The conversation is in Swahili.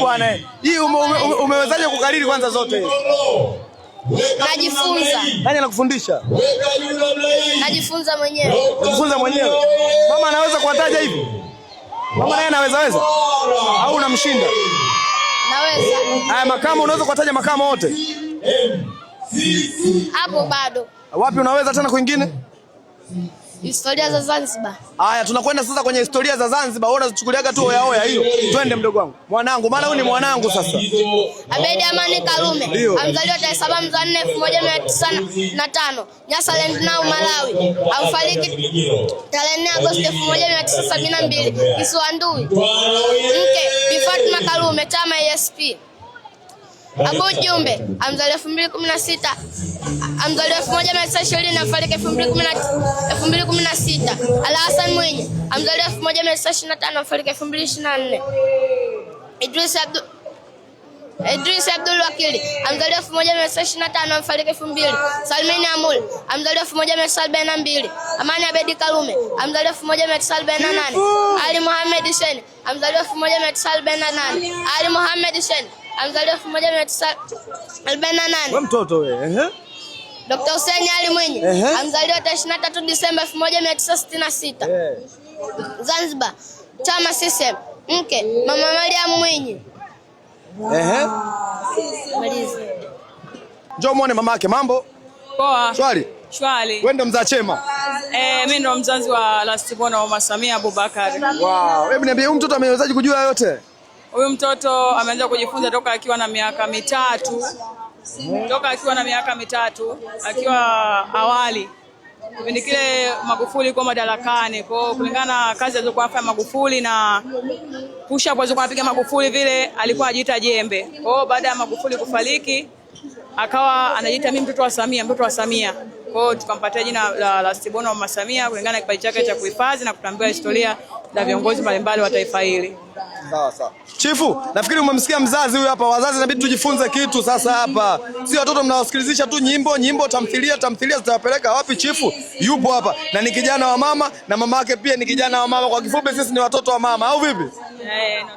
bwana, hii umewezaje kukariri kwanza zote? Najifunza. Nani anakufundisha? Najifunza mwenyewe. Najifunza mwenyewe. Mama anaweza kuwataja hivi? Mama naye anaweza weza? Au unamshinda? Naweza. Haya makamo unaweza kuwataja makamo wote? Hapo bado. Wapi unaweza tena kwingine? Historia za Zanzibar. Haya, tunakwenda sasa kwenye historia za Zanzibar. Wewe unazichukuliaga tu oya oya hiyo. Twende mdogo wangu. Mwanangu, maana huyu ni mwanangu sasa. Abedi Amani Karume. Amzaliwa tarehe 7 mwezi wa 4 1995, Nyasaland Nao, Malawi. Afariki tarehe 4 Agosti 1972, Kisiwandui. Mke Bi Fatma Karume, chama ESP. Abu Jumbe amzaliwa elfu mbili kumi na sita amzaliwa elfu moja mia tisa ishirini na fariki elfu mbili kumi na sita Ala Hassan Mwinyi amzaliwa elfu moja mia tisa ishirini na tano fariki elfu mbili ishirini na nne Idris Abdul Wakili amzaliwa elfu moja mia tisa ishirini na tano afariki elfu mbili Salmini Amul amzaliwa elfu moja mia tisa arobaini na mbili Amani Abedi Karume amzaliwa elfu moja mia tisa arobaini na nane Ali Mohamed Sheni amzaliwa elfu moja mia tisa arobaini na nane Ali Mohamed Sheni alizaliwa 1948. Wewe mtoto wewe, ehe. Dr. Hussein Ali Mwinyi alizaliwa tarehe 23 Disemba 1966. Eh. Zanzibar. Chama CCM. Mke Mama Maria Mwinyi. Ehe. Malizi. Njoo muone mama yake mambo. Poa. Shwari. Shwari. Wewe ndo mzaa chema? Eh, mimi ndo mzazi wa last born wa Mama Samia Abubakar. Wow. Hebu niambie huyu mtoto amewezaje kujua yote? Huyu mtoto ameanza kujifunza toka akiwa na miaka mitatu, toka akiwa na miaka mitatu, akiwa awali kipindi kile Magufuli kwa madarakani. Kwa kulingana na kazi alizokuwa afanya Magufuli na push up alizokuwa anapiga Magufuli, vile alikuwa anajiita jembe. Kwa baada ya Magufuli kufariki, akawa anajiita mimi mtoto wa Samia, mtoto wa Samia. Kwa hiyo tukampatia jina la, la Stibono Mama Samia kulingana na kipaji chake cha kuhifadhi na kutambua historia na viongozi mbalimbali wa taifa hili. Sawa sawa. Chifu, nafikiri umemsikia mzazi huyu hapa. Wazazi inabidi tujifunze kitu sasa hapa, si watoto mnawasikilizisha tu nyimbo nyimbo, tamthilia tamthilia, zitawapeleka wapi? Chifu yupo hapa na ni kijana wa mama na mamake pia ni kijana wa mama. Kwa kifupi, sisi ni watoto wa mama au vipi? Eh,